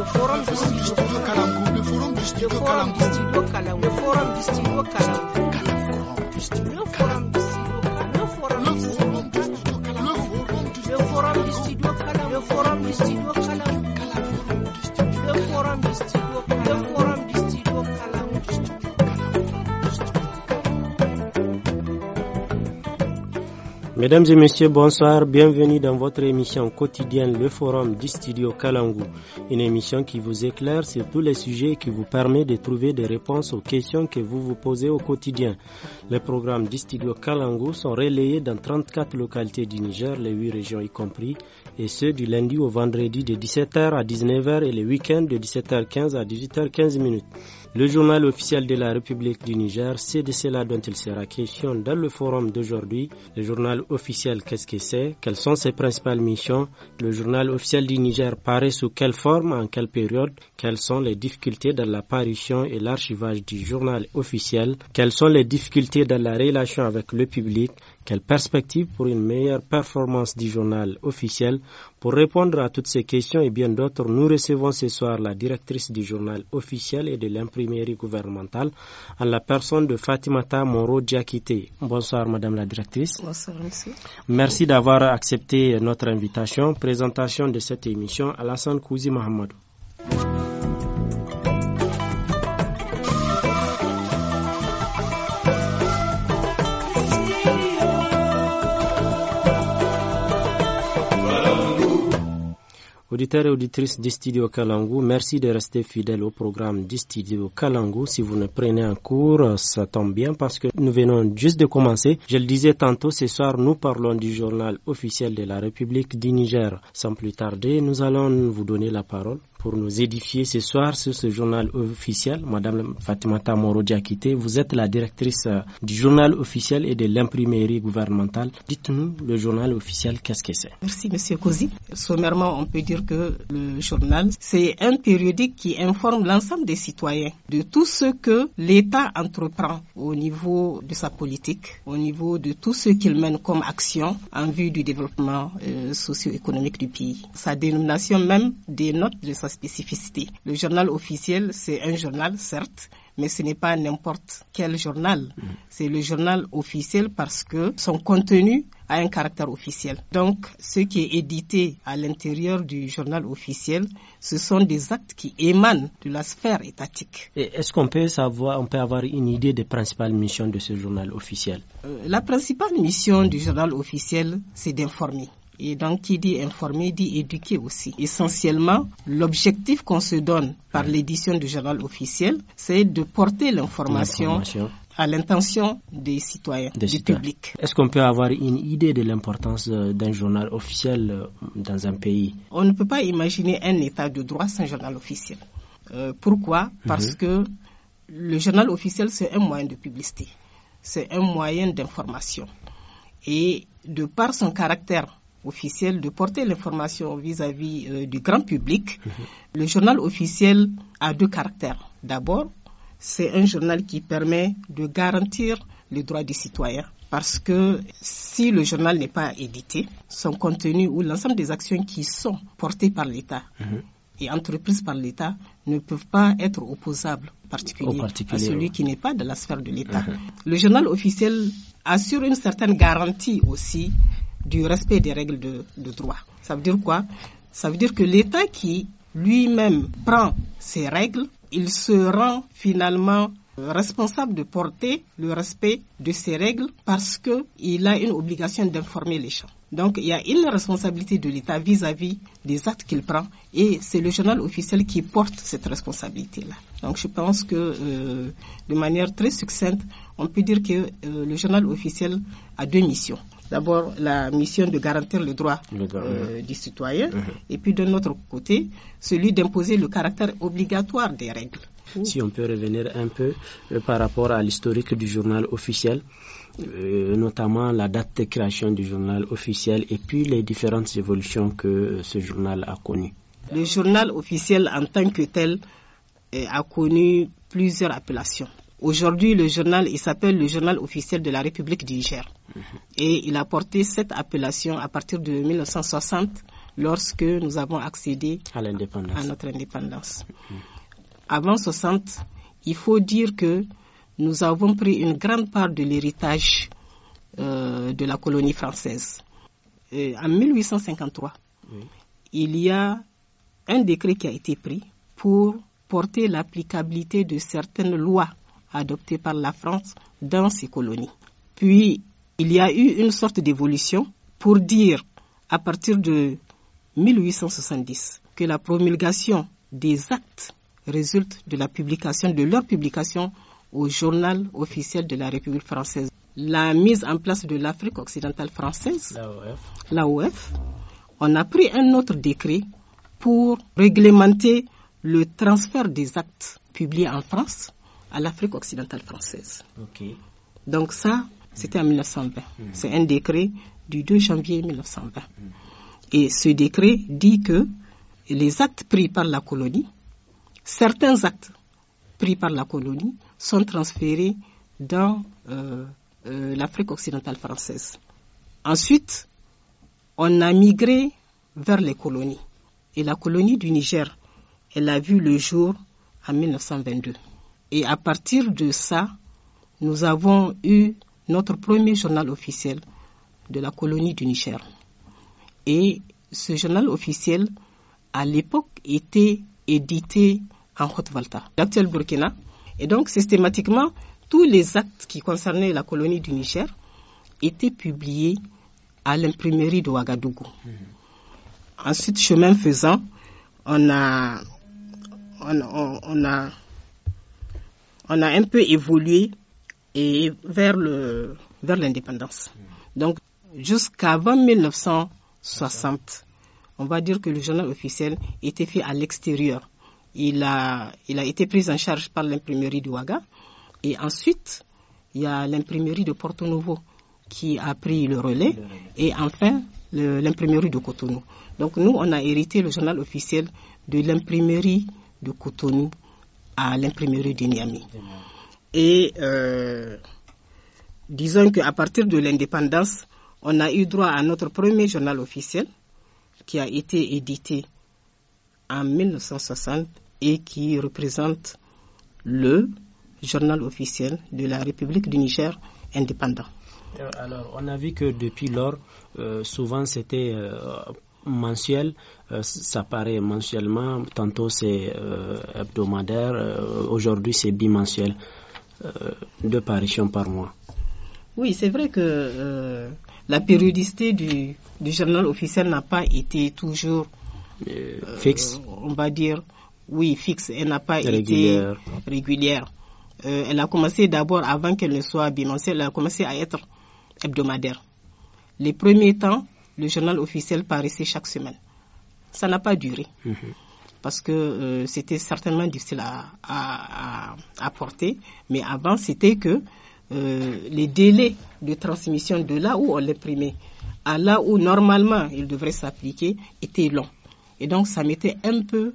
the forum distrito kalangu the forum distrito kalangu the forum distrito kalangu the forum Mesdames et messieurs, bonsoir. Bienvenue dans votre émission quotidienne Le Forum du Studio Une émission qui vous éclaire sur tous les sujets et qui vous permet de trouver des réponses aux questions que vous vous posez au quotidien. Les programmes d'Istudio Studio sont relayés dans 34 localités du Niger, les 8 régions y compris, et ceux du lundi au vendredi de 17h à 19h et les week-ends de 17h15 à 18h15 minutes. Le journal officiel de la République du Niger, c'est de cela dont il sera question dans le forum d'aujourd'hui. Le journal officiel, qu'est-ce que c'est Quelles sont ses principales missions Le journal officiel du Niger paraît sous quelle forme, en quelle période Quelles sont les difficultés dans l'apparition et l'archivage du journal officiel Quelles sont les difficultés dans la relation avec le public quelle perspective pour une meilleure performance du journal officiel Pour répondre à toutes ces questions et bien d'autres, nous recevons ce soir la directrice du journal officiel et de l'imprimerie gouvernementale, en la personne de Fatimata Moro djakite Bonsoir, Madame la directrice. Bonsoir, Monsieur. Merci d'avoir accepté notre invitation. Présentation de cette émission, Alassane Kouzi Mohamedou. Auditeurs et auditrices du studio Kalangu, merci de rester fidèles au programme du studio Kalangu. Si vous ne prenez un cours, ça tombe bien parce que nous venons juste de commencer. Je le disais tantôt, ce soir, nous parlons du journal officiel de la République du Niger. Sans plus tarder, nous allons vous donner la parole pour nous édifier ce soir sur ce journal officiel. Madame Fatimata Moro-Diakité, vous êtes la directrice euh, du journal officiel et de l'imprimerie gouvernementale. Dites-nous le journal officiel, qu'est-ce que c'est Merci, Monsieur Cosi. Sommairement, on peut dire que le journal, c'est un périodique qui informe l'ensemble des citoyens de tout ce que l'État entreprend au niveau de sa politique, au niveau de tout ce qu'il mène comme action en vue du développement euh, socio-économique du pays. Sa dénomination même dénote de sa spécificité. Le journal officiel, c'est un journal, certes, mais ce n'est pas n'importe quel journal. Mm. C'est le journal officiel parce que son contenu a un caractère officiel. Donc, ce qui est édité à l'intérieur du journal officiel, ce sont des actes qui émanent de la sphère étatique. Est-ce qu'on peut savoir, on peut avoir une idée des principales missions de ce journal officiel euh, La principale mission du journal officiel, c'est d'informer. Et donc, qui dit informer dit éduquer aussi. Essentiellement, l'objectif qu'on se donne par l'édition du journal officiel, c'est de porter l'information à l'intention des citoyens, du public. Est-ce qu'on peut avoir une idée de l'importance euh, d'un journal officiel euh, dans un pays On ne peut pas imaginer un état de droit sans journal officiel. Euh, pourquoi Parce mhm. que le journal officiel, c'est un moyen de publicité, c'est un moyen d'information. Et de par son caractère officiel de porter l'information vis-à-vis euh, du grand public. Mhm. Le journal officiel a deux caractères. D'abord, c'est un journal qui permet de garantir les droits des citoyens. Parce que si le journal n'est pas édité, son contenu ou l'ensemble des actions qui sont portées par l'État mhm. et entreprises par l'État ne peuvent pas être opposables particulièrement à celui qui n'est pas de la sphère de l'État. Mhm. Le journal officiel assure une certaine garantie aussi du respect des règles de, droit. Ça veut dire quoi Ça veut dire que l'État qui lui-même prend ces règles, il se rend finalement responsable de porter le respect de ces règles parce qu'il a une obligation d'informer les gens. Donc il y a une responsabilité de l'État vis-à-vis des actes qu'il prend et c'est le journal officiel qui porte cette responsabilité-là. Donc je pense que euh, de manière très succincte, on peut dire que euh, le journal officiel a deux missions. D'abord, la mission de garantir le droit euh, du citoyen, uh-huh. et puis d'un autre côté, celui d'imposer le caractère obligatoire des règles. Si on peut revenir un peu par rapport à l'historique du journal officiel, euh, notamment la date de création du journal officiel et puis les différentes évolutions que euh, ce journal a connues. Le journal officiel en tant que tel euh, a connu plusieurs appellations. Aujourd'hui, le journal, il s'appelle le journal officiel de la République du Niger. Mhm. Et il a porté cette appellation à partir de 1960, lorsque nous avons accédé à, à notre indépendance. Mhm. Avant 60, il faut dire que nous avons pris une grande part de l'héritage euh, de la colonie française. en 1853, il y a un décret qui a été pris pour porter l'applicabilité de certaines lois adoptées par la France dans ces colonies. Puis, il y a eu une sorte d'évolution pour dire, à partir de 1870, que la promulgation des actes résulte de la publication, de leur publication au journal officiel de la République française. La mise en place de l'Afrique occidentale française, l'AOF, on a pris un autre décret pour réglementer le transfert des actes publiés en France à l'Afrique occidentale française. Donc ça, c'était en 1920. Hmm. C'est un décret du 2 janvier 1920. Et ce décret dit que les actes pris par la colonie, certains actes pris par la colonie, sont transférés dans euh, euh, l'Afrique occidentale française. Ensuite, on a migré vers les colonies. Et la colonie du Niger, elle a vu le jour en 1922. Et à partir de ça, nous avons eu notre premier journal officiel de la colonie du Niger. Et ce journal officiel, à l'époque, était édité en Haute-Valta, l'actuel Burkina, et donc, systématiquement, tous les actes qui concernaient la colonie du Niger étaient publiés à l'imprimerie de Ouagadougou. Mhm. Ensuite, chemin faisant, on a, on, a, on a un peu évolué et vers le, vers l'indépendance. Mhm. Donc, jusqu'avant 1960, on va dire que le journal officiel était fait à l'extérieur il a, été pris en charge par l'imprimerie de Ouaga. Et ensuite, il y a l'imprimerie de Porto Novo qui a pris le relais. Et enfin, l'imprimerie de Cotonou. Donc nous, on a hérité le journal officiel de l'imprimerie de Cotonou à l'imprimerie de Niamey. Et euh, disons qu'à partir de l'indépendance, on a eu droit à notre premier journal officiel qui a été édité en 1960 et qui représente le journal officiel de la République du Niger indépendant. Alors, on a vu que depuis lors, euh, souvent c'était euh, mensuel, euh, ça paraît mensuellement, tantôt c'est hebdomadaire, aujourd'hui c'est bimensuel, deux paritions par mois. Oui, c'est vrai que la périodicité du journal officiel n'a pas été toujours euh, euh, fixe On va dire, oui, fixe. Elle n'a pas été régulière. Euh, elle a commencé d'abord, avant qu'elle ne soit bimensuelle, elle a commencé à être hebdomadaire. Les premiers temps, le journal officiel paraissait chaque semaine. Ça n'a pas duré. Mhm. Parce que c'était certainement difficile à, apporter. porter. Mais avant, c'était que les délais de transmission de là où on l'imprimait à là où normalement il devrait s'appliquer étaient longs. Et donc, ça mettait un peu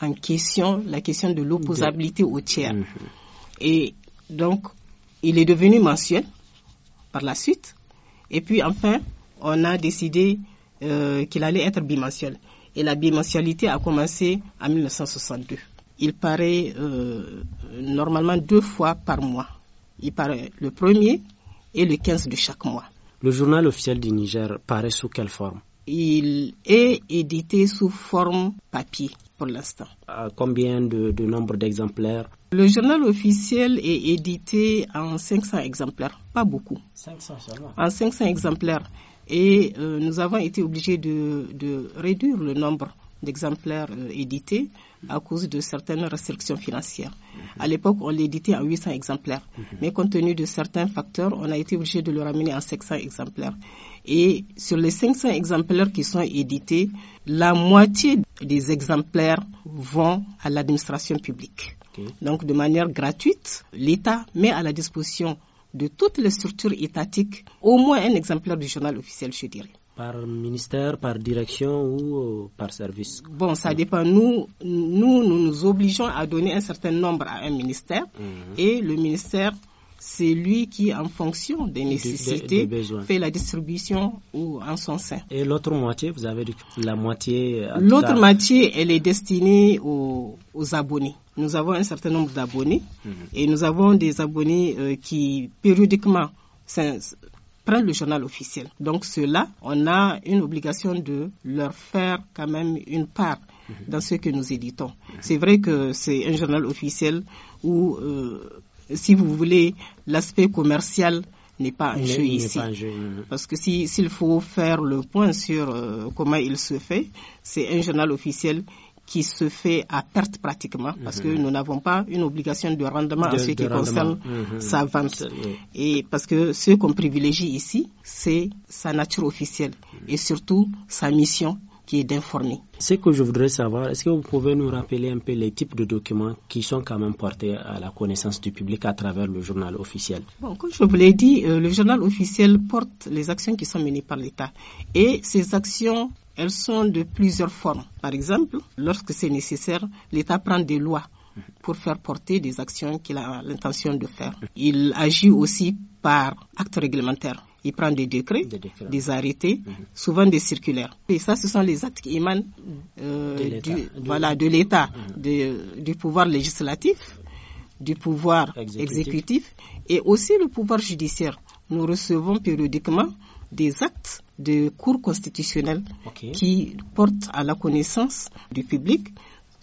en question la question de l'opposabilité au tiers. Mhm. Et donc, il est devenu mensuel par la suite. Et puis, enfin, on a décidé euh, qu'il allait être bimensuel. Et la bimensualité a commencé en 1962. Il paraît euh, normalement deux fois par mois. Il paraît le premier et le 15 de chaque mois. Le journal officiel du Niger paraît sous quelle forme il est édité sous forme papier pour l'instant. combien de, nombre d'exemplaires Le journal officiel est édité en 500 exemplaires, pas beaucoup. 500 seulement En 500 exemplaires. Et euh, nous avons été obligés de réduire le nombre d'exemplaires euh, édités à cause de certaines restrictions financières. À l'époque, on l'éditait en 800 exemplaires. Mais compte tenu de certains facteurs, on a été obligé de le ramener à 500 exemplaires. Et sur les 500 exemplaires qui sont édités, la moitié des exemplaires vont à l'administration publique. Donc de manière gratuite, l'État met à la disposition de toutes les structures étatiques au moins un exemplaire du journal officiel, je dirais par ministère, par direction ou euh, par service Bon, ça dépend. Nous, nous, nous, nous obligeons à donner un certain nombre à un ministère mhm. et le ministère, c'est lui qui, en fonction des nécessités, fait la distribution ou en son sein. Et l'autre moitié, vous avez la moitié. L'autre moitié, elle est destinée aux, abonnés. Nous avons un certain nombre d'abonnés mhm. et nous avons des abonnés euh, qui périodiquement Prennent le journal officiel. Donc ceux-là, on a une obligation de leur faire quand même une part dans ce que nous éditons. C'est vrai que c'est un journal officiel où, euh, si vous voulez, l'aspect commercial n'est pas un jeu ici. Hein. Parce que s'il faut faire le point sur euh, comment il se fait, c'est un journal officiel qui se fait à perte pratiquement parce que mhm. nous n'avons pas une obligation de rendement en ce qui concerne mhm. sa vente. Et parce que ce qu'on privilégie ici, c'est sa nature officielle et surtout sa mission ce que je voudrais savoir, est-ce que vous pouvez nous rappeler un peu les types de documents qui sont quand même portés à la connaissance du public à travers le journal officiel bon, je vous l'ai dit, euh, le journal officiel porte les actions qui sont menées par l'État. Et ces actions elles sont de plusieurs formes. Par exemple, lorsque c'est nécessaire, l'État prend des lois pour faire porter des actions qu'il a l'intention de faire. Il agit aussi par actes réglementaires. Il prend des décrets, des, arrêtés, mhm. souvent des circulaires. Et ça, ce sont les actes qui émanent euh, de l'État, mhm. du pouvoir législatif, du pouvoir exécutif. et aussi le pouvoir judiciaire. Nous recevons périodiquement des actes de cours constitutionnels qui portent à la connaissance du public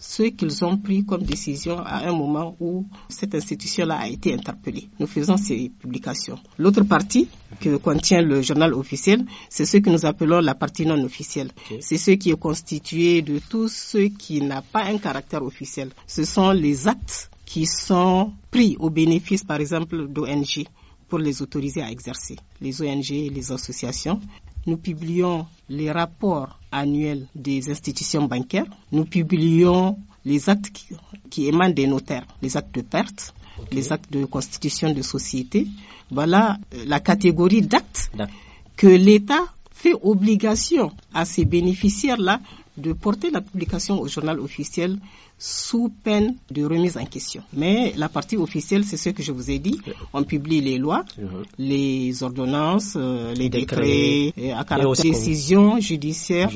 ce qu'ils ont pris comme décision à un moment où cette institution-là a été interpellée. Nous faisons ces publications. L'autre partie que contient le journal officiel, c'est ce que nous appelons la partie non officielle. C'est ce qui est constitué de tout ce qui n'a pas un caractère officiel. Ce sont les actes qui sont pris au bénéfice, par exemple, d'ONG pour les autoriser à exercer, les ONG et les associations. Nous publions les rapports annuel des institutions bancaires. Nous publions les actes qui, émanent des notaires, les actes de perte, les actes de constitution de société. Voilà euh, la catégorie d'actes que l'État fait obligation à ses bénéficiaires-là de porter la publication au journal officiel sous peine de remise en question. Mais la partie officielle, c'est ce que je vous ai dit. On publie les lois, uh-huh. les ordonnances, euh, les, décrets, les décisions judiciaires,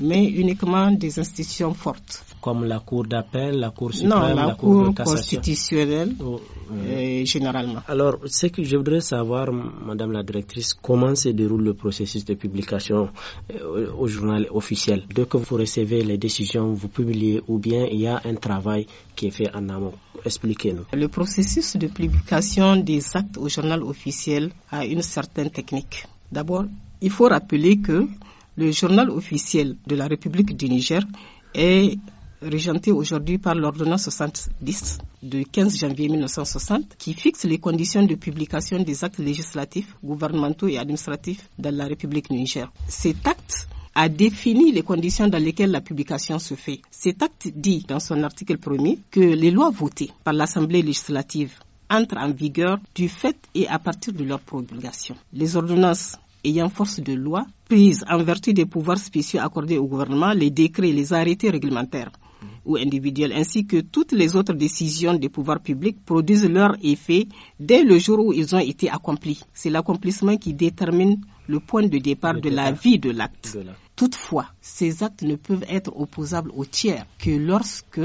mais uniquement des institutions fortes comme la Cour d'appel, la Cour suprême, la, Cour, constitutionnelle, oh, euh, généralement. Alors, ce que je voudrais savoir, Madame la Directrice, comment se déroule le processus de publication euh, au journal officiel Dès que vous recevez les décisions, vous publiez ou bien il y a un travail qui est fait en amont Expliquez-nous. Le processus de publication des actes au journal officiel a une certaine technique. D'abord, il faut rappeler que le journal officiel de la République du Niger est Régenté aujourd'hui par l'ordonnance 70 du 15 janvier 1960 qui fixe les conditions de publication des actes législatifs, gouvernementaux et administratifs dans la République Niger. Cet acte a défini les conditions dans lesquelles la publication se fait. Cet acte dit dans son article premier que les lois votées par l'Assemblée législative entrent en vigueur du fait et à partir de leur promulgation. Les ordonnances ayant force de loi prises en vertu des pouvoirs spéciaux accordés au gouvernement, les décrets, et les arrêtés réglementaires ou individuelles, ainsi que toutes les autres décisions des pouvoirs publics produisent leur effet dès le jour où ils ont été accomplis. C'est l'accomplissement qui détermine le point de départ, de, la vie de l'acte. Toutefois, ces actes ne peuvent être opposables aux tiers que lorsque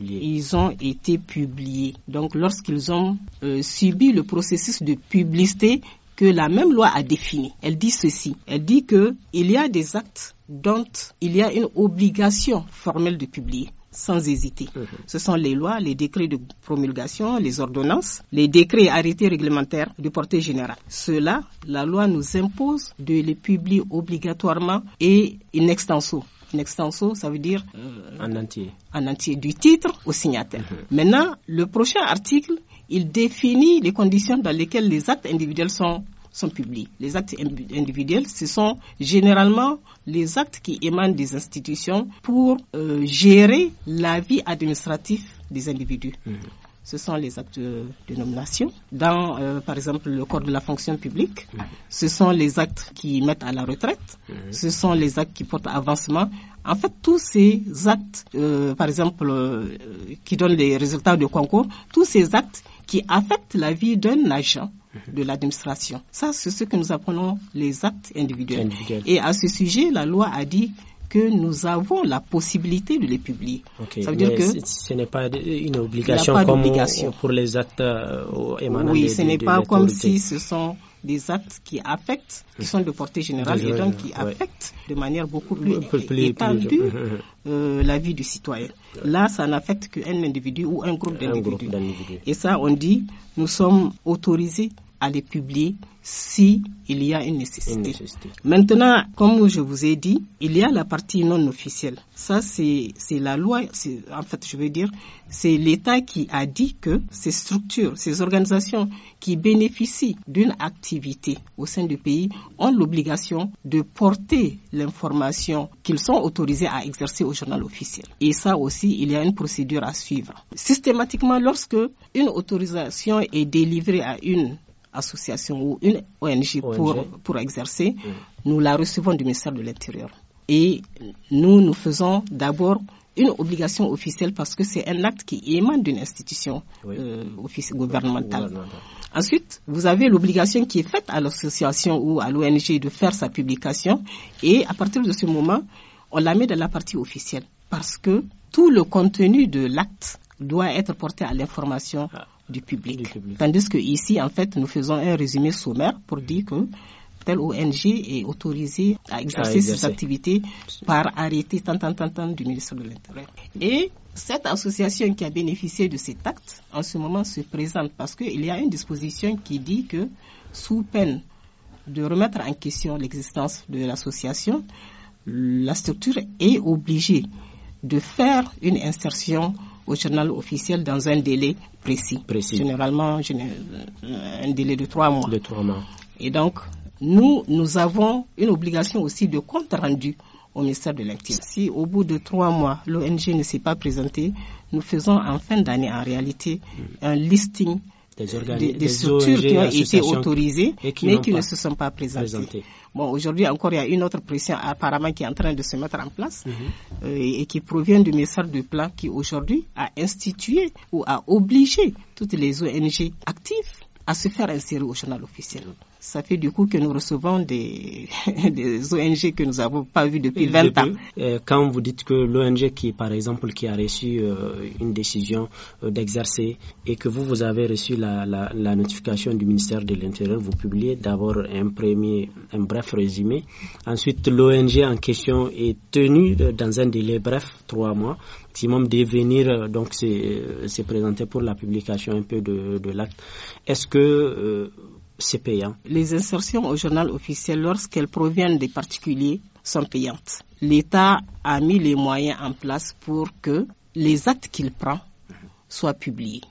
ils, ont été publiés. Donc lorsqu'ils ont euh, subi le processus de publicité que la même loi a défini. Elle dit ceci. Elle dit que il y a des actes dont il y a une obligation formelle de publier sans hésiter. Mhm. Ce sont les lois, les décrets de promulgation, les ordonnances, les décrets arrêtés réglementaires de portée générale. Cela, la loi nous impose de les publier obligatoirement et in extenso in extenso, ça veut dire euh, en entier. En entier, du titre au signataire. Mm-hmm. Maintenant, le prochain article, il définit les conditions dans lesquelles les actes individuels sont sont publiés. Les actes individuels, ce sont généralement les actes qui émanent des institutions pour euh, gérer la vie administrative des individus. Mm-hmm ce sont les actes de nomination. Dans, euh, par exemple, le corps de la fonction publique, mm-hmm. ce sont les actes qui mettent à la retraite, mm-hmm. ce sont les actes qui portent avancement. En fait, tous ces actes, euh, par exemple, euh, qui donnent les résultats de concours, tous ces actes qui affectent la vie d'un agent mm-hmm. de l'administration. Ça, c'est ce que nous appelons les actes individuels. Et à ce sujet, la loi a dit que nous avons la possibilité de les publier. ça veut dire que ce n'est pas une obligation, pour les actes euh, émanant Oui, ce n'est pas comme si ce sont des actes qui affectent, qui sont de portée générale et donc qui affectent de manière beaucoup plus, étendue euh, la vie du citoyen. Là, ça n'affecte qu'un individu ou un groupe d'individus. Et ça, on dit, nous sommes autorisés à les publier si il y a une nécessité. une nécessité. Maintenant, comme je vous ai dit, il y a la partie non officielle. Ça, c'est la loi, en fait, je veux dire, c'est l'État qui a dit que ces structures, ces organisations qui bénéficient d'une activité au sein du pays ont l'obligation de porter l'information qu'ils sont autorisés à exercer au journal officiel. Et ça aussi, il y a une procédure à suivre. Systématiquement, lorsque une autorisation est délivrée à une association ou une ONG, Pour, pour exercer, mm. nous la recevons du ministère de l'Intérieur. Et nous, nous faisons d'abord une obligation officielle parce que c'est un acte qui émane d'une institution euh, gouvernementale. Ensuite, vous avez l'obligation qui est faite à l'association ou à l'ONG de faire sa publication et à partir de ce moment, on la met dans la partie officielle parce que tout le contenu de l'acte doit être porté à l'information ah du public. Tandis que ici, en fait, nous faisons un résumé sommaire pour dire que telle ONG est autorisée à exercer, ses activités par arrêté tant, tant, tant, tant du ministre de l'Intérieur. Et cette association qui a bénéficié de cet acte, en ce moment, se présente parce qu'il y a une disposition qui dit que, sous peine de remettre en question l'existence de l'association, la structure est obligée de faire une insertion au journal officiel dans un délai précis. précis. Généralement, un délai de trois mois. De trois mois. Et donc, nous, nous avons une obligation aussi de compte rendu au ministère de l'Intérieur. Si au bout de trois mois, l'ONG ne s'est pas présentée, nous faisons en fin d'année, en réalité, un listing des, structures qui ont été autorisées, mais qui ne se sont pas présentées. Bon, aujourd'hui encore, il y a une autre pression apparemment qui est en train de se mettre en place mhm. euh, et qui provient du message de Plan qui aujourd'hui a institué ou a obligé toutes les ONG actives à se faire insérer au journal officiel. Ça fait du coup que nous recevons des, des ONG que nous n'avons pas vues depuis 20 ans. Euh, quand vous dites que l'ONG qui, par exemple, qui a reçu euh, une décision euh, d'exercer et que vous, vous avez reçu la, la, la notification du ministère de l'Intérieur, vous publiez d'abord un premier, un bref résumé. Ensuite, l'ONG en question est tenue dans un délai bref, trois mois, maximum de venir euh, donc se euh, présenter pour la publication un peu de, l'acte. Est-ce que euh, c'est payant Les insertions au journal officiel, lorsqu'elles proviennent des particuliers, sont payantes. L'État a mis les moyens en place pour que les actes qu'il prend soient publiés.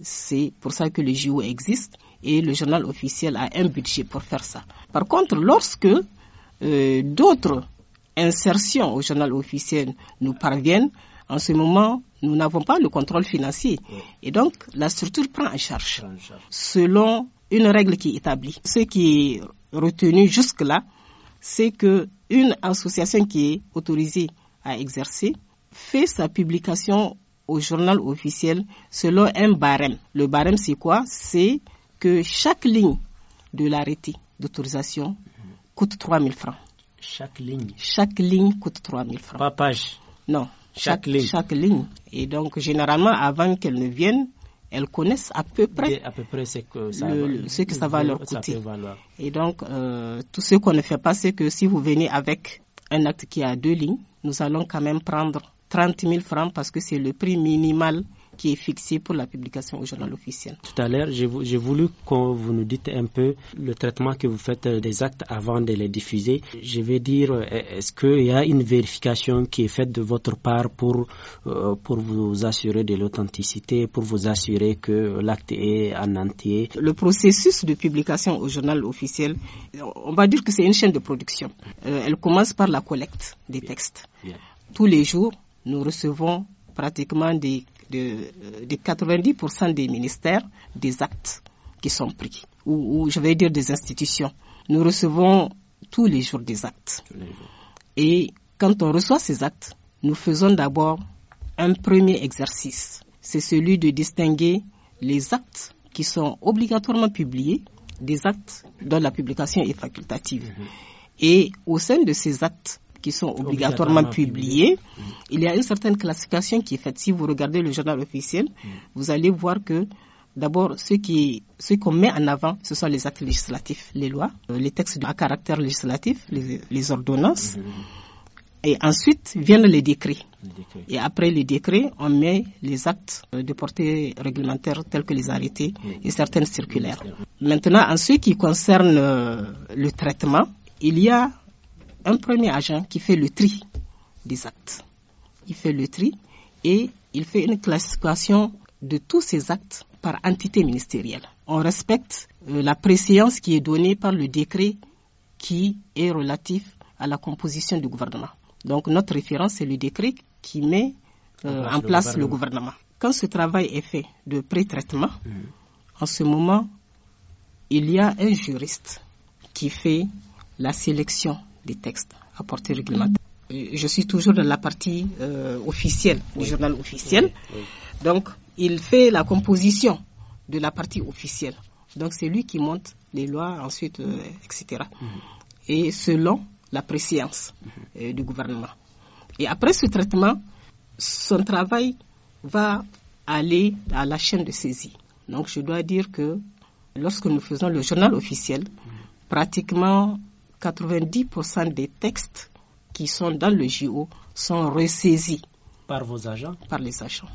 C'est pour ça que le JO existe et le journal officiel a un budget pour faire ça. Par contre, lorsque d'autres insertions au journal officiel nous parviennent, en ce moment, nous n'avons pas le contrôle financier. Mm. Et donc, la structure prend en charge selon une règle qui est établie. Ce qui est retenu jusque-là, c'est qu'une association qui est autorisée à exercer fait sa publication au journal officiel selon un barème. Le barème, c'est quoi C'est que chaque ligne de l'arrêté d'autorisation mm. coûte 3 000 francs. Chaque ligne Chaque ligne coûte 3 000 francs. Pas page non. Chaque, ligne. Et donc, généralement, avant qu'elles ne viennent, elles connaissent à peu près, ce que ça, va, ce que ça va leur coûter. Et donc, euh, tout ce qu'on ne fait pas, c'est que si vous venez avec un acte qui a deux lignes, nous allons quand même prendre 30 000 francs parce que c'est le prix minimal qui est fixé pour la publication au journal officiel. Tout à l'heure, j'ai voulu que vous nous dites un peu le traitement que vous faites euh, des actes avant de les diffuser. Je vais dire, euh, est-ce qu'il y a une vérification qui est faite de votre part pour, euh, pour vous assurer de l'authenticité, pour vous assurer que l'acte est en entier Le processus de publication au journal officiel, on va dire que c'est une chaîne de production. elle commence par la collecte des textes. Tous les jours, nous recevons pratiquement des de, 90% euh, des ministères des actes qui sont pris, ou, je vais dire des institutions. Nous recevons tous les jours des actes. Et quand on reçoit ces actes, nous faisons d'abord un premier exercice. C'est celui de distinguer les actes qui sont obligatoirement publiés des actes dont la publication est facultative. Mhm. Et au sein de ces actes, qui sont obligatoirement, publiés. Il y a une certaine classification qui est faite. Si vous regardez le journal officiel, mm. vous allez voir que D'abord, ce qu'on met en avant, ce sont les actes législatifs, les lois, euh, les textes à caractère législatif, les, ordonnances. Mm. Et ensuite viennent les décrets. Et après les décrets, on met les actes de portée réglementaire tels que les arrêtés mm. et certaines circulaires. Maintenant, en ce qui concerne euh, le traitement, il y a un premier agent qui fait le tri des actes. Il fait le tri et il fait une classification de tous ces actes par entité ministérielle. On respecte euh, la préséance qui est donnée par le décret qui est relatif à la composition du gouvernement. Donc notre référence, c'est le décret qui met euh, en place le gouvernement. Quand ce travail est fait de pré-traitement, mm. en ce moment, il y a un juriste qui fait la sélection des textes à portée réglementaire. Je suis toujours dans la partie euh, officielle, du journal officiel. Donc, il fait la composition de la partie officielle. Donc, c'est lui qui monte les lois, ensuite, euh, etc. Mhm. Et selon la préscience mhm. euh, du gouvernement. Et après ce traitement, son travail va aller à la chaîne de saisie. Donc, je dois dire que lorsque nous faisons le journal officiel, mhm. pratiquement 90% des textes qui sont dans le JO sont ressaisis. Par vos agents Par les agents.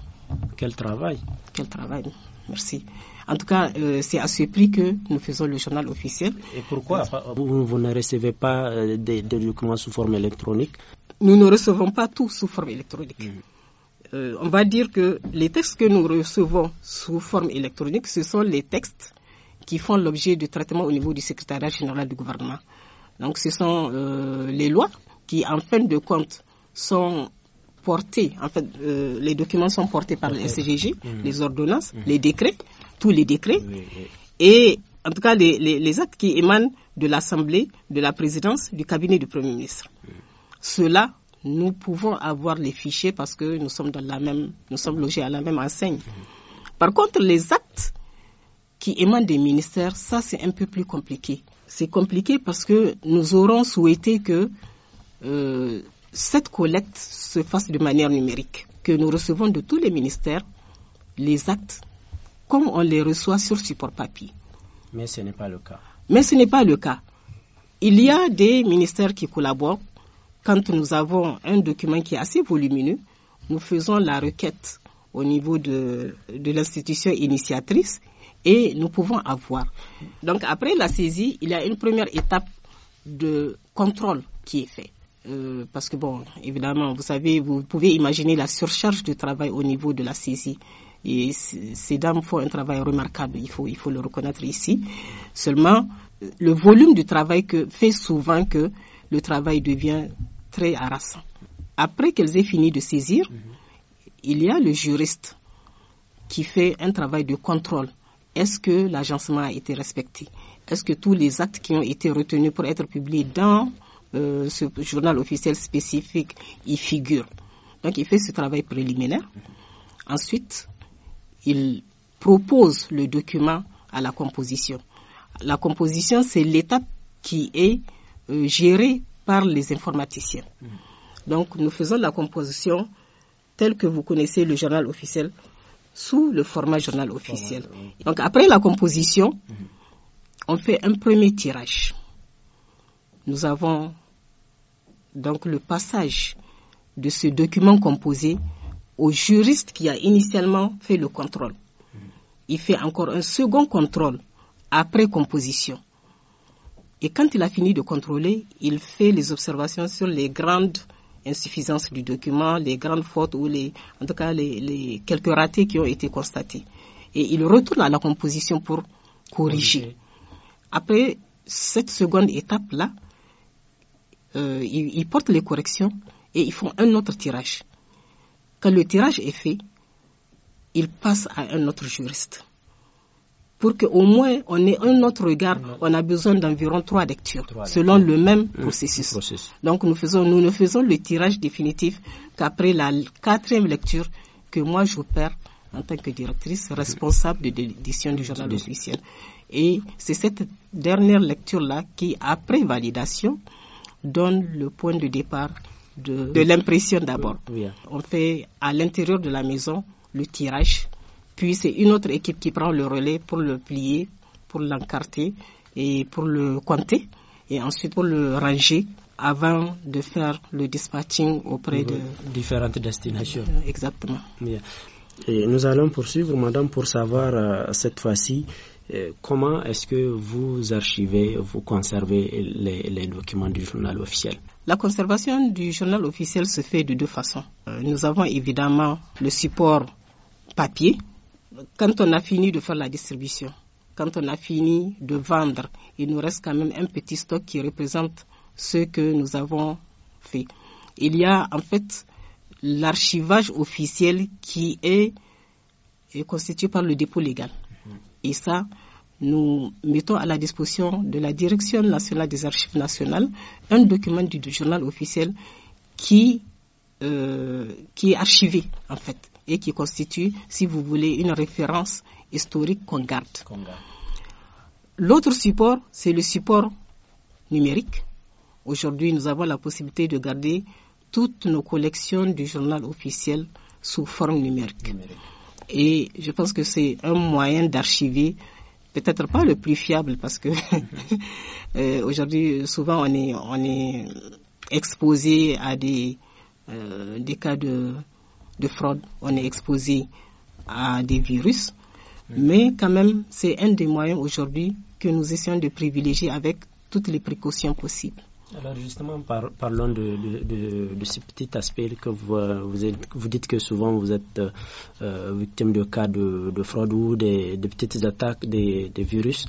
Quel travail Quel travail, merci. En tout cas, euh, c'est à ce prix que nous faisons le journal officiel. Et pourquoi vous, ne recevez pas euh, des, documents sous forme électronique Nous ne recevons pas tout sous forme électronique. Mm. Euh, on va dire que les textes que nous recevons sous forme électronique, ce sont les textes qui font l'objet de traitement au niveau du secrétariat général du gouvernement. Donc ce sont euh, les lois qui, en fin de compte, sont portées, en fait, euh, les documents sont portés par le SGG, mhm. les ordonnances, mhm. les décrets, tous les décrets, et en tout cas les, actes qui émanent de l'Assemblée, de la présidence, du cabinet du Premier ministre. Cela, nous pouvons avoir les fichiers parce que nous sommes, dans la même, nous sommes logés à la même enseigne. Mhm. Par contre, les actes qui émanent des ministères, ça c'est un peu plus compliqué c'est compliqué parce que nous aurons souhaité que euh, cette collecte se fasse de manière numérique, que nous recevons de tous les ministères les actes comme on les reçoit sur support papier. Mais ce n'est pas le cas. Mais ce n'est pas le cas. Il y a des ministères qui collaborent. Quand nous avons un document qui est assez volumineux, nous faisons la requête au niveau de, de l'institution initiatrice et nous pouvons avoir. Donc après la saisie, il y a une première étape de contrôle qui est faite. Euh, parce que bon, évidemment, vous savez, vous pouvez imaginer la surcharge de travail au niveau de la saisie. Et ces dames font un travail remarquable, il faut, il faut le reconnaître ici. Seulement, le volume du travail que, fait souvent que le travail devient très harassant. Après qu'elles aient fini de saisir, mhm. il y a le juriste qui fait un travail de contrôle est-ce que l'agencement a été respecté Est-ce que tous les actes qui ont été retenus pour être publiés dans euh, ce journal officiel spécifique y figurent Donc il fait ce travail préliminaire. Ensuite, il propose le document à la composition. La composition, c'est l'étape qui est euh, gérée par les informaticiens. Mmh. Donc nous faisons la composition telle que vous connaissez le journal officiel sous le format journal officiel. Donc après la composition, on fait un premier tirage. Nous avons donc le passage de ce document composé au juriste qui a initialement fait le contrôle. Il fait encore un second contrôle après composition. Et quand il a fini de contrôler, il fait les observations sur les grandes Insuffisance du document, les grandes fautes ou les, en tout cas les, quelques ratés qui ont été constatés. Et il retourne à la composition pour corriger. Après cette seconde étape-là, euh, ils, ils, portent les corrections et ils font un autre tirage. Quand le tirage est fait, ils passent à un autre juriste pour qu'au moins on ait un autre regard, mm. on a besoin d'environ trois lectures, selon le même mm. processus. Donc nous, faisons, nous ne faisons le tirage définitif qu'après la quatrième lecture que moi j'opère en tant que directrice responsable de l'édition du journal officiel. Et c'est cette dernière lecture-là qui, après validation, donne le point de départ de, de l'impression d'abord. On fait à l'intérieur de la maison le tirage puis c'est une autre équipe qui prend le relais pour le plier, pour l'encarter et pour le compter et ensuite pour le ranger avant de faire le dispatching auprès de différentes destinations. Euh, exactement. Et nous allons poursuivre, madame, pour savoir euh, cette fois-ci euh, comment est-ce que vous archivez, vous conservez les, documents du journal officiel. La conservation du journal officiel se fait de deux façons. nous avons évidemment le support papier quand on a fini de faire la distribution, quand on a fini de vendre, il nous reste quand même un petit stock qui représente ce que nous avons fait. Il y a en fait l'archivage officiel qui est, constitué par le dépôt légal. Et ça, nous mettons à la disposition de la Direction nationale des archives nationales un document du journal officiel qui, euh, qui est archivé en fait et qui constitue, si vous voulez, une référence historique qu'on garde. L'autre support, c'est le support numérique. Aujourd'hui, nous avons la possibilité de garder toutes nos collections du journal officiel sous forme numérique. Et je pense que c'est un moyen d'archiver, peut-être pas le plus fiable, parce que euh, aujourd'hui, souvent, on est, on est exposé à des, euh, des cas de de fraude, on est exposé à des virus. Mais quand même, c'est un des moyens aujourd'hui que nous essayons de privilégier avec toutes les précautions possibles. Alors justement, parlons de, ce petit aspect que vous, euh, dites que souvent vous êtes euh, euh, victime de cas de, fraude ou des, petites attaques des, virus.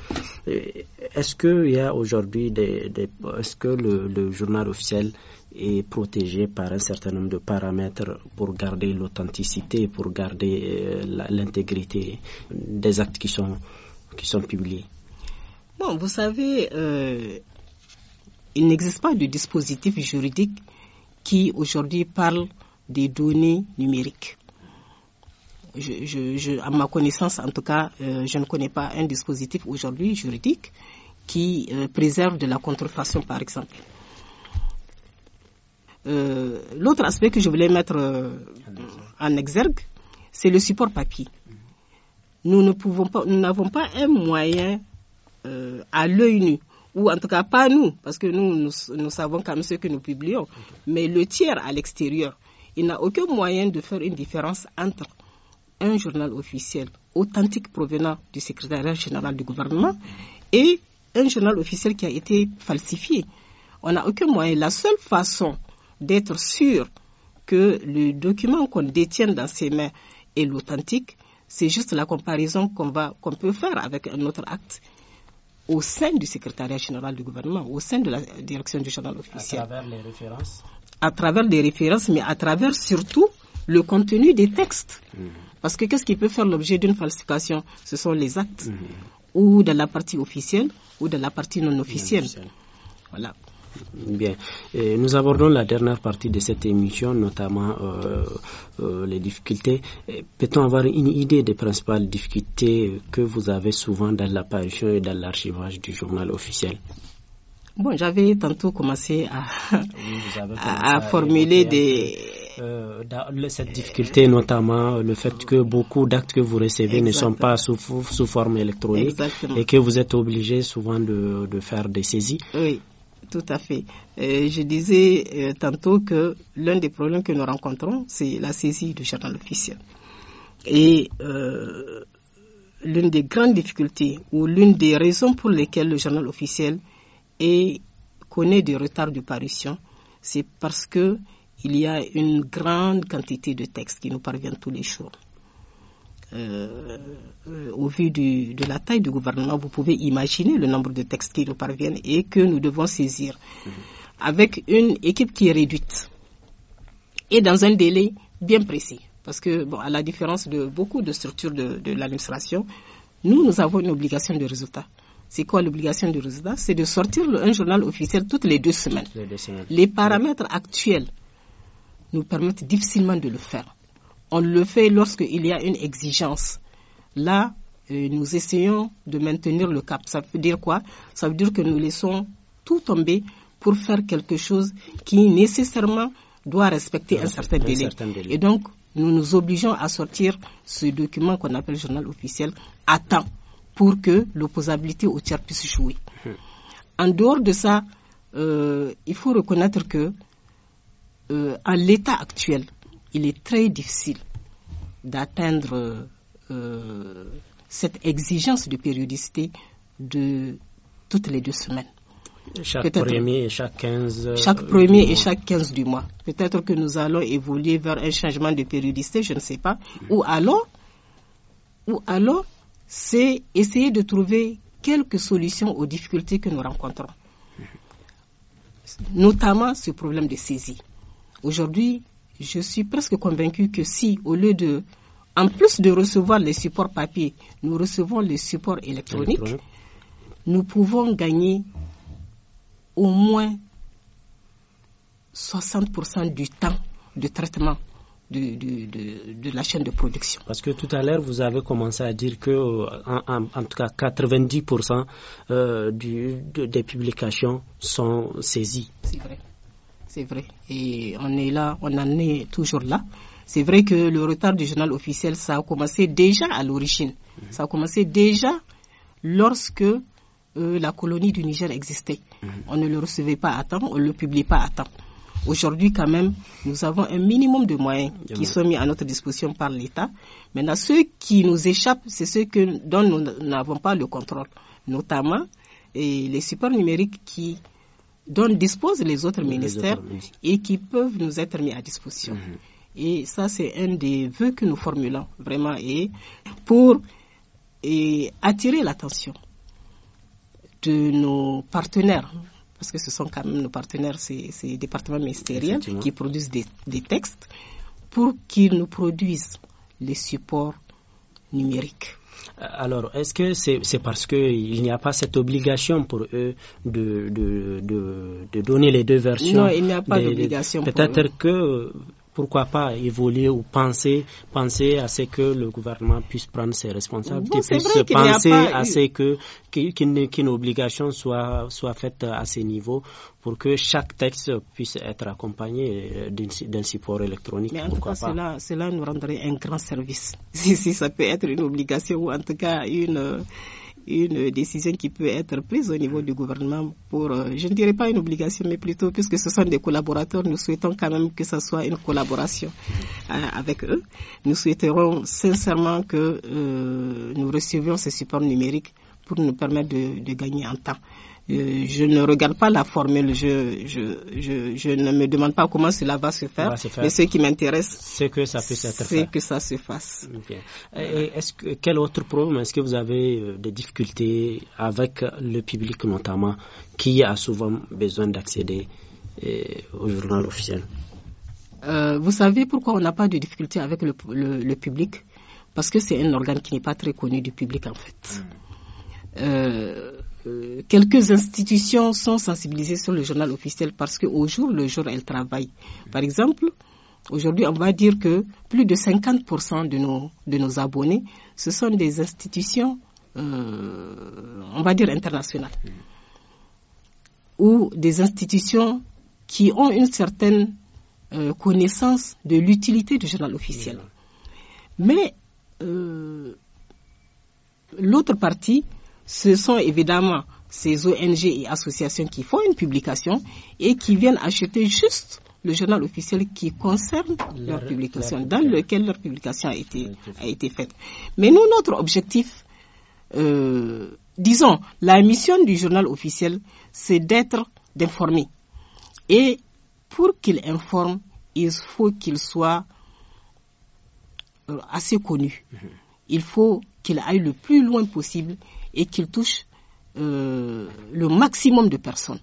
Est-ce qu'il y a aujourd'hui des, est-ce que le, journal officiel est protégé par un certain nombre de paramètres pour garder l'authenticité, pour garder l'intégrité des actes qui sont qui sont publiés Bon, vous savez. Il n'existe pas de dispositif juridique qui aujourd'hui parle des données numériques. Je, à ma connaissance, en tout cas, euh, je ne connais pas un dispositif aujourd'hui juridique qui euh, préserve de la contrefaçon, par exemple. Euh, l'autre aspect que je voulais mettre en exergue, c'est le support papier. Nous ne pouvons pas, nous n'avons pas un moyen à l'œil nu ou en tout cas pas nous, parce que nous, nous, savons quand même ce que nous publions, mais le tiers à l'extérieur, il n'a aucun moyen de faire une différence entre un journal officiel authentique provenant du secrétariat général du gouvernement et un journal officiel qui a été falsifié. On n'a aucun moyen. La seule façon d'être sûr que le document qu'on détient dans ses mains est l'authentique, c'est juste la comparaison qu'on peut faire avec un autre acte au sein du secrétariat général du gouvernement, au sein de la direction du journal officiel. À travers les références À travers les références, mais à travers surtout le contenu des textes. Mhm. Parce que qu'est-ce qui peut faire l'objet d'une falsification Ce sont les actes, mhm. ou de la partie officielle, ou de la partie non officielle. Non officielle. Voilà. Bien. nous abordons la dernière partie de cette émission, notamment euh, euh, les difficultés. Peut-on avoir une idée des principales difficultés que vous avez souvent dans l'apparition et dans l'archivage du journal officiel Bon, j'avais tantôt commencé à, formuler des... Euh, cette difficulté, notamment le fait que beaucoup d'actes que vous recevez ne sont pas sous, forme électronique et que vous êtes obligé souvent de, de faire des saisies. Oui. Tout à fait. Euh, je disais euh, tantôt que l'un des problèmes que nous rencontrons, c'est la saisie du journal officiel. Et euh, l'une des grandes difficultés ou l'une des raisons pour lesquelles le journal officiel connaît des retards de parution, c'est parce qu'il y a une grande quantité de textes qui nous parviennent tous les jours. Euh, euh, au vu de la taille du gouvernement, vous pouvez imaginer le nombre de textes qui nous parviennent et que nous devons saisir mm-hmm. avec une équipe qui est réduite et dans un délai bien précis. Parce que, bon, à la différence de beaucoup de structures de, l'administration, nous, nous avons une obligation de résultat. C'est quoi l'obligation de résultat C'est de sortir un journal officiel toutes les deux semaines. Les, paramètres actuels nous permettent difficilement de le faire. On le fait lorsqu'il y a une exigence. Là, euh, nous essayons de maintenir le cap. Ça veut dire quoi Ça veut dire que nous laissons tout tomber pour faire quelque chose qui nécessairement doit respecter un, certain, délai. Et donc, nous nous obligeons à sortir ce document qu'on appelle journal officiel à temps pour que l'opposabilité au tiers puisse jouer. Hmm. En dehors de ça, euh, il faut reconnaître que, à euh, l'état actuel, il est très difficile d'atteindre euh, cette exigence de périodicité de toutes les deux semaines. Chaque premier et chaque quinze... Euh, chaque premier et chaque 15 du mois. Peut-être que nous allons évoluer vers un changement de périodicité, je ne sais pas. Ou alors, ou alors, c'est essayer de trouver quelques solutions aux difficultés que nous rencontrons. Notamment ce problème de saisie. Aujourd'hui, je suis presque convaincu que si, au lieu de, en plus de recevoir les supports papier, nous recevons les supports électroniques, nous pouvons gagner au moins 60% du temps de traitement de, la chaîne de production. Parce que tout à l'heure, vous avez commencé à dire que, euh, tout cas, 90% euh, des publications sont saisies. C'est vrai c'est vrai. Et on est là, on en est toujours là. C'est vrai que le retard du journal officiel, ça a commencé déjà à l'origine. Mhm. Ça a commencé déjà lorsque euh, la colonie du Niger existait. Mhm. On ne le recevait pas à temps, on ne le publiait pas à temps. Aujourd'hui, quand même, nous avons un minimum de moyens qui sont mis à notre disposition par l'État. Maintenant, ceux qui nous échappent, c'est ceux que, dont nous n'avons pas le contrôle, notamment les supports numériques qui dont disposent les autres ministères et qui peuvent nous être mis à disposition. Mhm. Et ça, c'est un des vœux que nous formulons vraiment et pour attirer l'attention de nos partenaires, parce que ce sont quand même nos partenaires, ces, ces départements ministériels qui produisent des textes, pour qu'ils nous produisent les supports numériques alors, est-ce que c'est parce qu'il n'y a pas cette obligation pour eux de, de, donner les deux versions Non, il n'y a pas d'obligation. Peut-être que pourquoi pas évoluer ou penser, penser à ce que le gouvernement puisse prendre ses responsabilités, penser à ce que qu'une obligation soit soit faite à ce niveau pour que chaque texte puisse être accompagné euh, d'un support électronique. Mais en tout cas, cela, cela nous rendrait un grand service si, si ça peut être une obligation ou en tout cas une une décision qui peut être prise au niveau du gouvernement pour, euh, je ne dirais pas une obligation, mais plutôt puisque ce sont des collaborateurs, nous souhaitons quand même que ce soit une collaboration euh, avec eux. Nous souhaiterons sincèrement que euh, nous recevions ce supports numérique pour nous permettre de gagner en temps. Euh, je ne regarde pas la formule, je, je, je, ne me demande pas comment cela va se faire, mais ce qui m'intéresse, c'est que ça puisse être fait. que ça se fasse. Bien. est-ce que, quel autre problème Est-ce que vous avez euh, des difficultés avec le public notamment, qui a souvent besoin d'accéder euh, au journal officiel Vous savez pourquoi on n'a pas de difficultés avec le, public Parce que c'est un organe qui n'est pas très connu du public en fait. Hmm. Euh, euh, quelques institutions sont sensibilisées sur le journal officiel parce qu'au jour le jour, elles travaillent. Par exemple, aujourd'hui, on va dire que plus de 50% de nos, de nos abonnés, ce sont des institutions, euh, on va dire, internationales, ou des institutions qui ont une certaine euh, connaissance de l'utilité du journal officiel. Mmh. Mais l'autre partie, ce sont évidemment ces ONG et associations qui font une publication et qui viennent acheter juste le journal officiel qui concerne leur publication, dans lequel leur publication a été, faite. Mais nous, notre objectif, euh, disons, la mission du journal officiel, c'est d'être, d'informer. Et pour qu'il informe, il faut qu'il soit euh, assez connu. Mmh. Il faut qu'il aille le plus loin possible et qu'il touche euh, le maximum de personnes.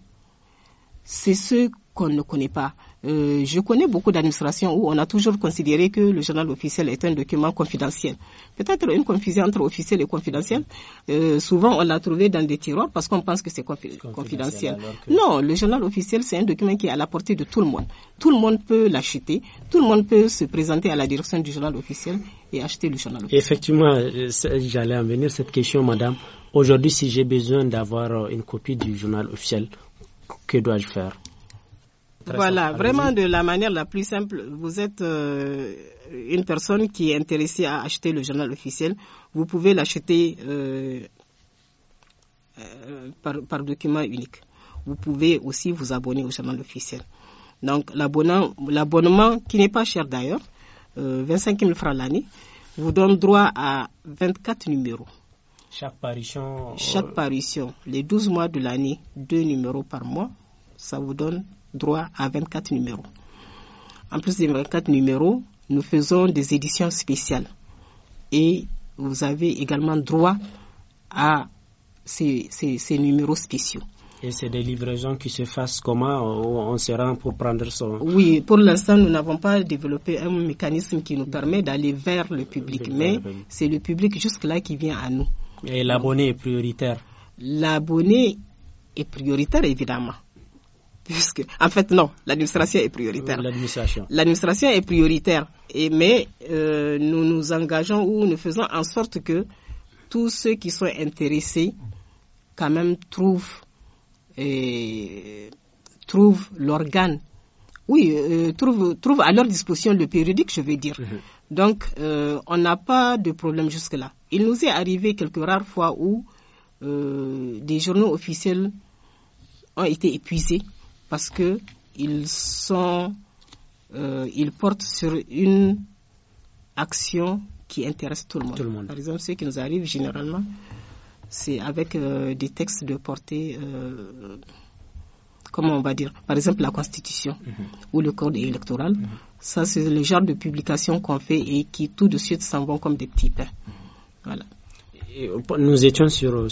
C'est ce qu'on ne connaît pas. Euh, je connais beaucoup d'administrations où on a toujours considéré que le journal officiel est un document confidentiel. Peut-être une confusion entre officiel et confidentiel. Euh, souvent, on l'a trouvé dans des tiroirs parce qu'on pense que c'est confidentiel. Non, le journal officiel, c'est un document qui est à la portée de tout le monde. Tout le monde peut l'acheter. Tout le monde peut se présenter à la direction du journal officiel et acheter le journal officiel. Effectivement, euh, j'allais en venir cette question, madame. Aujourd'hui, si j'ai besoin d'avoir une copie du journal officiel, que dois-je faire voilà, vraiment de la manière la plus simple. Vous êtes euh, une personne qui est intéressée à acheter le journal officiel. Vous pouvez l'acheter euh, euh, par, par, document unique. Vous pouvez aussi vous abonner au journal officiel. Donc l'abonnement, qui n'est pas cher d'ailleurs, 25 000 francs l'année, vous donne droit à 24 numéros. Chaque parution Chaque parution. Les 12 mois de l'année, deux numéros par mois, ça vous donne droit à 24 numéros. En plus des 24 numéros, nous faisons des éditions spéciales. Et vous avez également droit à ces, numéros spéciaux. Et c'est des livraisons qui se fassent comment on se rend pour prendre son... Oui, pour l'instant, nous n'avons pas développé un mécanisme qui nous permet d'aller vers le public, mais c'est le public jusque-là qui vient à nous. Et l'abonné est prioritaire L'abonné est prioritaire, évidemment puisque, en fait, non, l'administration est prioritaire. Euh, l'administration. est prioritaire, et, mais euh, nous nous engageons ou nous faisons en sorte que tous ceux qui sont intéressés, quand même, trouvent, trouvent l'organe. Oui, euh, trouvent trouve à leur disposition le périodique, je veux dire. Mhm. Donc, on n'a pas de problème jusque-là. Il nous est arrivé quelques rares fois où des journaux officiels ont été épuisés parce que ils sont, euh, ils portent sur une action qui intéresse tout le monde. Par exemple, ce qui nous arrive généralement, c'est avec euh, des textes de portée, euh, comment on va dire, par exemple la Constitution mhm. ou le Code électoral. Mhm. Ça, c'est le genre de publication qu'on fait et qui tout de suite s'en vont comme des petits pains. nous étions sur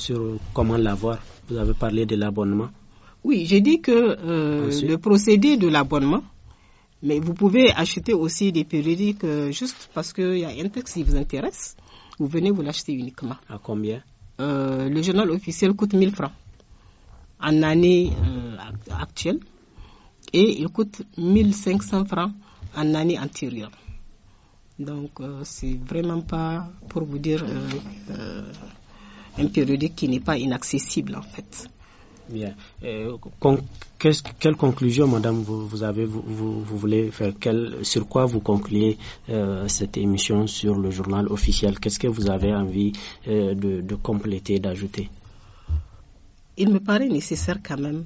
comment l'avoir. Vous avez parlé de l'abonnement. Oui, j'ai dit que euh, ah, le procédé de l'abonnement, mais vous pouvez acheter aussi des périodiques euh, juste parce qu'il y a un texte qui vous intéresse. Vous venez vous l'acheter uniquement. À combien euh, Le journal officiel coûte 1000 francs en année actuelle et il coûte 1500 francs en année antérieure. Donc, c'est vraiment pas pour vous dire un périodique qui n'est pas inaccessible en fait. Bien. Euh, quelle conclusion, madame, vous, avez, vous, voulez faire quel, Sur quoi vous concluez euh, cette émission sur le journal officiel Qu'est-ce que vous avez envie euh, de, compléter, d'ajouter Il me paraît nécessaire quand même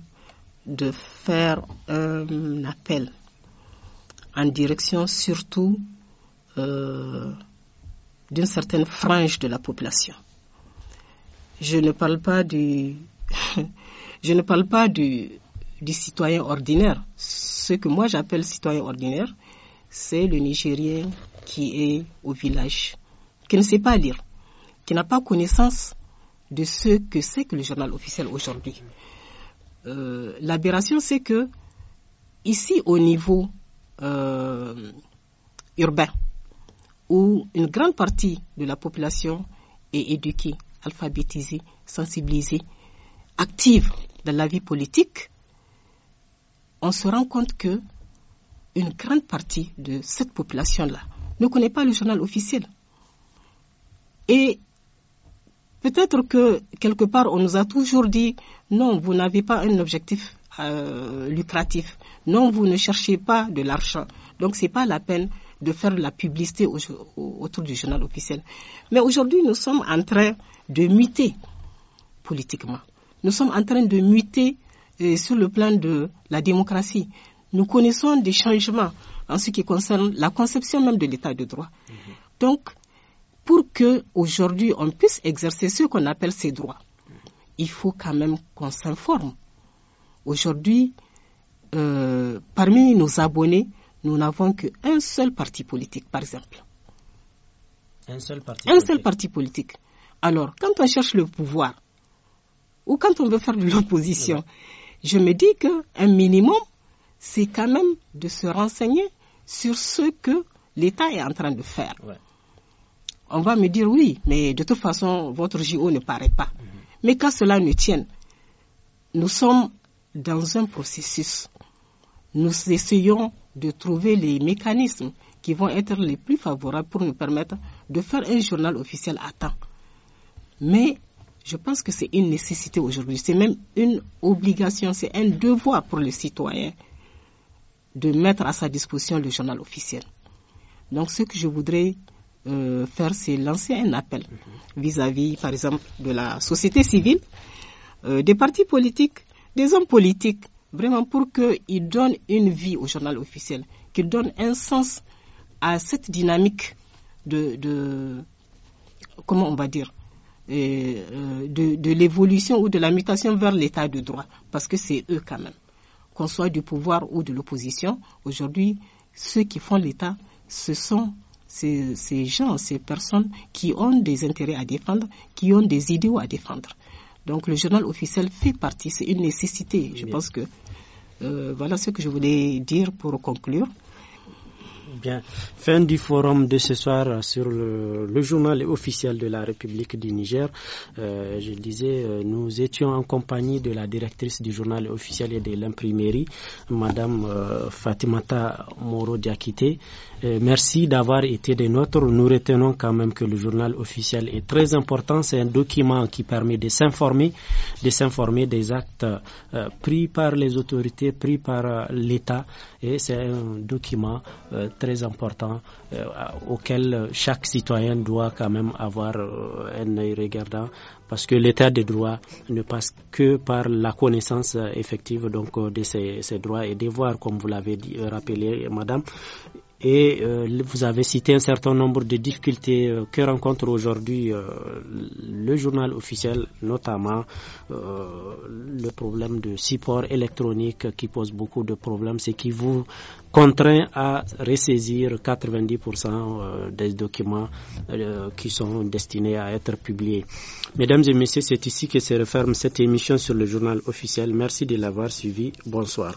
de faire un appel en direction surtout d'une certaine frange de la population. Je ne parle pas du Je ne parle pas du, citoyen ordinaire. Ce que moi j'appelle citoyen ordinaire, c'est le Nigérien qui est au village, qui ne sait pas lire, qui n'a pas connaissance de ce que c'est que le journal officiel aujourd'hui. Euh, L'aberration, c'est que ici, au niveau euh, urbain, où une grande partie de la population est éduquée, alphabétisée, sensibilisée, active dans la vie politique, on se rend compte que une grande partie de cette population-là ne connaît pas le journal officiel. Et peut-être que quelque part, on nous a toujours dit non, vous n'avez pas un objectif euh, lucratif. Non, vous ne cherchez pas de l'argent. Donc, ce n'est pas la peine de faire la publicité autour du journal officiel. Mais aujourd'hui, nous sommes en train de muter politiquement nous sommes en train de muter euh, sur le plan de la démocratie. Nous connaissons des changements en ce qui concerne la conception même de l'état de droit. Mhm. Donc, pour que aujourd'hui on puisse exercer ce qu'on appelle ses droits, il faut quand même qu'on s'informe. Aujourd'hui, euh, parmi nos abonnés, nous n'avons qu'un seul parti politique, par exemple. Un seul parti. Un seul parti politique. Alors, quand on cherche le pouvoir, ou quand on veut faire de l'opposition. Je me dis qu'un minimum, c'est quand même de se renseigner sur ce que l'État est en train de faire. On va me dire oui, mais de toute façon, votre JO ne paraît pas. Mm-hmm. Mais quand cela ne tienne, nous sommes dans un processus. Nous essayons de trouver les mécanismes qui vont être les plus favorables pour nous permettre de faire un journal officiel à temps. Mais je pense que c'est une nécessité aujourd'hui, c'est même une obligation, c'est un devoir pour le citoyen de mettre à sa disposition le journal officiel. Donc ce que je voudrais euh, faire, c'est lancer un appel mhm. vis-à-vis, par exemple, de la société civile, euh, des partis politiques, des hommes politiques, vraiment pour qu'ils donnent une vie au journal officiel, qu'ils donnent un sens à cette dynamique de comment on va dire, euh, de, de l'évolution ou de la mutation vers l'état de droit, parce que c'est eux quand même. Qu'on soit du pouvoir ou de l'opposition, aujourd'hui, ceux qui font l'état, ce sont ces, gens, ces personnes qui ont des intérêts à défendre, qui ont des idéaux à défendre. Donc le journal officiel fait partie, c'est une nécessité. Je pense que euh, voilà ce que je voulais dire pour conclure. Bien. Fin du forum de ce soir sur le, journal officiel de la République du Niger. Euh, je le disais, euh, nous étions en compagnie de la directrice du journal officiel et de l'imprimerie, Madame euh, Fatimata Moro Diakité. Euh, merci d'avoir été des nôtres. Nous retenons quand même que le journal officiel est très important. C'est un document qui permet de s'informer, de s'informer des actes euh, pris par les autorités, pris par euh, l'État. Et c'est un document très important auquel chaque citoyen doit quand même avoir un œil regardant parce que l'état des droits ne passe que par la connaissance effective donc de ces, droits et devoirs, comme vous l'avez rappelé, madame. Et euh, vous avez cité un certain nombre de difficultés euh, que rencontre aujourd'hui euh, le journal officiel, notamment le problème de support électronique qui pose beaucoup de problèmes, ce qui vous contraint à ressaisir 90% des documents qui sont destinés à être publiés. Mesdames et messieurs, c'est ici que se referme cette émission sur le journal officiel. Merci de l'avoir suivi. Bonsoir.